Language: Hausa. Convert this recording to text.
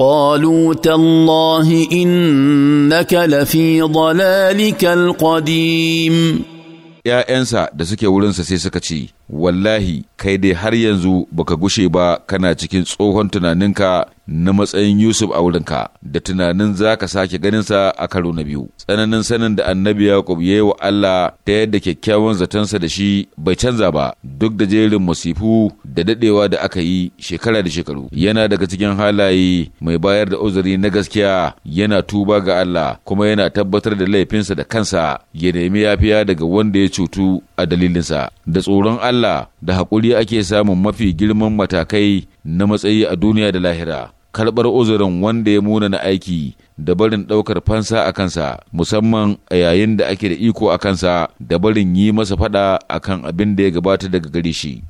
قالوا تالله إنك لفي ضلالك القديم ‘Ya'yansa da suke wurinsa sai suka ce, Wallahi, kai dai har yanzu baka gushe ba kana cikin tsohon tunaninka na matsayin Yusuf a wurinka, da tunanin za ka sake ganinsa a karo na biyu. Tsananin sanin da annabi Yaqub ya wa Allah ta yadda kyakkyawan zatansa da shi bai canza ba, duk da jerin masifu da daɗewa da aka yi shekara da shekaru yana daga cikin halaye mai bayar da uzuri na gaskiya yana tuba ga Allah kuma yana tabbatar da laifinsa da kansa ya nemi yafiya daga wanda ya cutu a dalilinsa da tsoron Allah da haƙuri ake samun mafi girman matakai na matsayi a duniya da lahira karɓar uzurin wanda ya muna na aiki da barin ɗaukar fansa a kansa musamman a yayin da ake da iko a kansa da barin yi masa faɗa akan abin da ya gabata daga gare shi